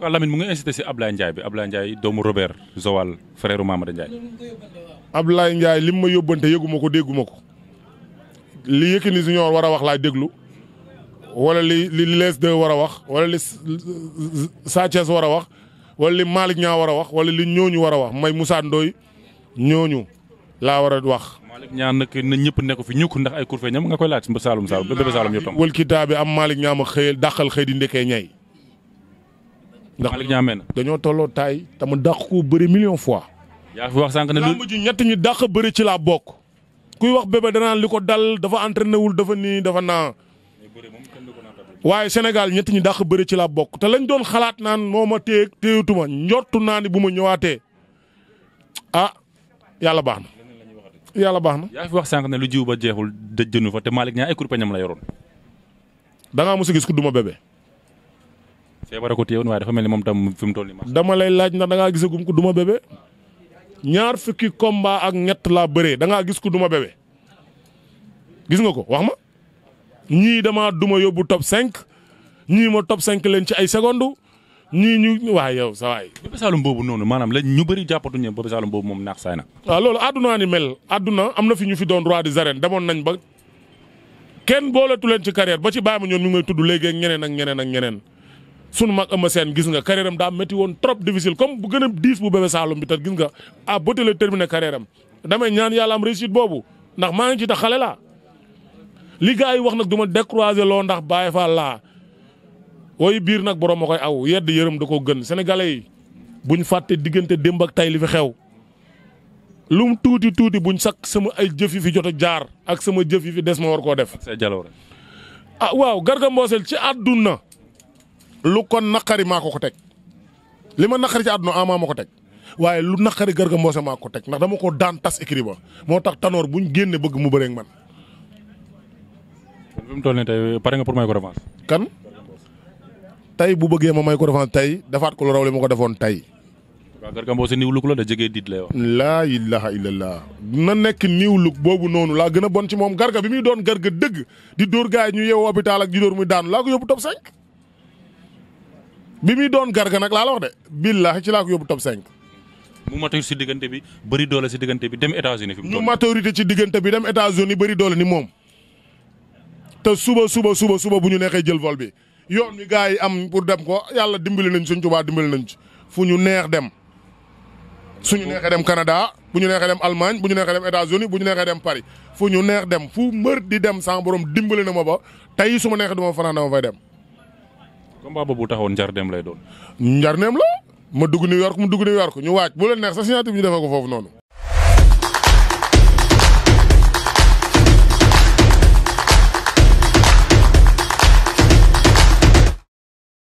waaw Lamine mu ngi incité si Ablaye Ndiaye bi Ablaye Ndiaye doomu Robert Zowal frère Mamada Ndiaye. Ablaye Ndiaye lim ma yóbbante yëguma ko dégguma ko li Yékini Junior war a wax laa déglu wala li li Lac wara wax wala li Sa Thiès a wax wala li Malick Niang war wax wala li ñooñu war a wax may Moussa Ndoye ñooñu laa war a wax. Malick Niang nag na ñëpp nekk fi ñukk ndax ay kurfe ñam nga koy laaj Saalum Saalum Bébé Saalum yëpp tam. wal kitaabi am Malick Niang xëy di ndekee ñay. ndax dañoo tolloo taay te ma dàq ko bëri million fois. yaa fi wax sànq ne lamb ji ñett ñi dàq bëri ci laa bokk. kuy wax bébé li ko dal dafa entraîné wul dafa nii dafa naa. waaye Sénégal ñett ñi dàq bëri ci laa bokk te lañ doon xalaat naan moo ma téye téyutuma njortu naa ni bu ma ñëwaatee a ah, yàlla baax na. yàlla baax na. yaa fi wax sànq ne lu jiw ba jeexul dëjënu fa te Malick ñaa ay kurpeñam la yoroon. gis ku duma bébé. feebar ko téye woon waaye dafa mel ni moom tam fi mu toll nii. dama lay laaj na da ngaa gis gum ko duma bébé ñaar fukki combat ak ñett laa bëree dangaa gis ko duma bébé gis nga ko wax ma ñii dama duma yóbbu top 5 ñii ma top 5 leen ci ay secondes ñii ñu waaye yow sa waay. Bébé Saloum noonu maanaam la ñu bëri jàppatu ne Bébé Saloum boobu moom naax saay na. waaw loolu àdduna ni mel àdduna am na fi ñu fi doon roi des arènes demoon nañ ba kenn booletu ci carrière ba ci bàyyi ma ñoon may tudd léegi ñeneen ak ñeneen ak ñeneen. sunu mag Eumeu Sène gis nga carrière am daa métti woon trop difficile comme bu a diis bu Bébé Saloum bi te gis nga ah ba teel a terminé carrière damay ñaan yàlla am réussite boobu ndax maa ngi ci tax xale laa. li yi wax nag du ma décroiser loo ndax bàyyi fa laa woy biir nag borom ma koy aw yedd yërëm da koo gën sénégalais yi buñ fàtte diggante démb ak tay li fi xew. lum tuuti tuuti buñ sakk sama ay jëf yi fi jot jaar ak sama jëf yi fi des ma war koo def. ah waaw Garga Mbossé ci àdduna lu kon naqari maa ko teg li ma naqari ci àdduna ama ko teg waaye lu naqari Garga Mbossé maa ko teg ndax dama ko daan tas écrit moo tax tanoor ñu génne bëgg mu bëreeg man. bi mu toll nii tey kan tey bu bëggee ma may ko revanche tey defaat ko lu raw li ma ko defoon tey. waaw Garga Mbossé niw luk la da jege diit lay na nekk niw luk boobu noonu laa gën a bon ci moom Garga bi muy doon Garga dëgg di dóor gaay ñu yeewoo hôpital ak di dóor muy daanu laa ko yóbbu top 5. bi muy doon garga nag laaloo de billaahi ci laa ko yóbbu top 5. mu matur si diggante bi bëri doole si diggante bi dem États-Unis fi mu ñu maturité ci diggante bi dem États-Unis bëri doole ni moom te suba suba suba suba bu ñu neexee jël vol bi yoon mi gars yi am pour dem ko yàlla dimbali nañ suñ Tuubaa dimbali nañ ci fu ñu neex dem. suñu neexee dem Canada bu ñu neexee dem Allemagne bu ñu neexee dem États-Unis bu ñu neexee dem Paris fu ñu neex dem fu mbër di dem sans borom dimbali na ma ba tey su ma neexee du ma fanaan dama fay dem. combat boobu taxawoon njardeem lay doon. njardeem la ma dugg New York mu dugg New York ñu waaj bu leen neex sa signature bi ñu defee ko foofu noonu.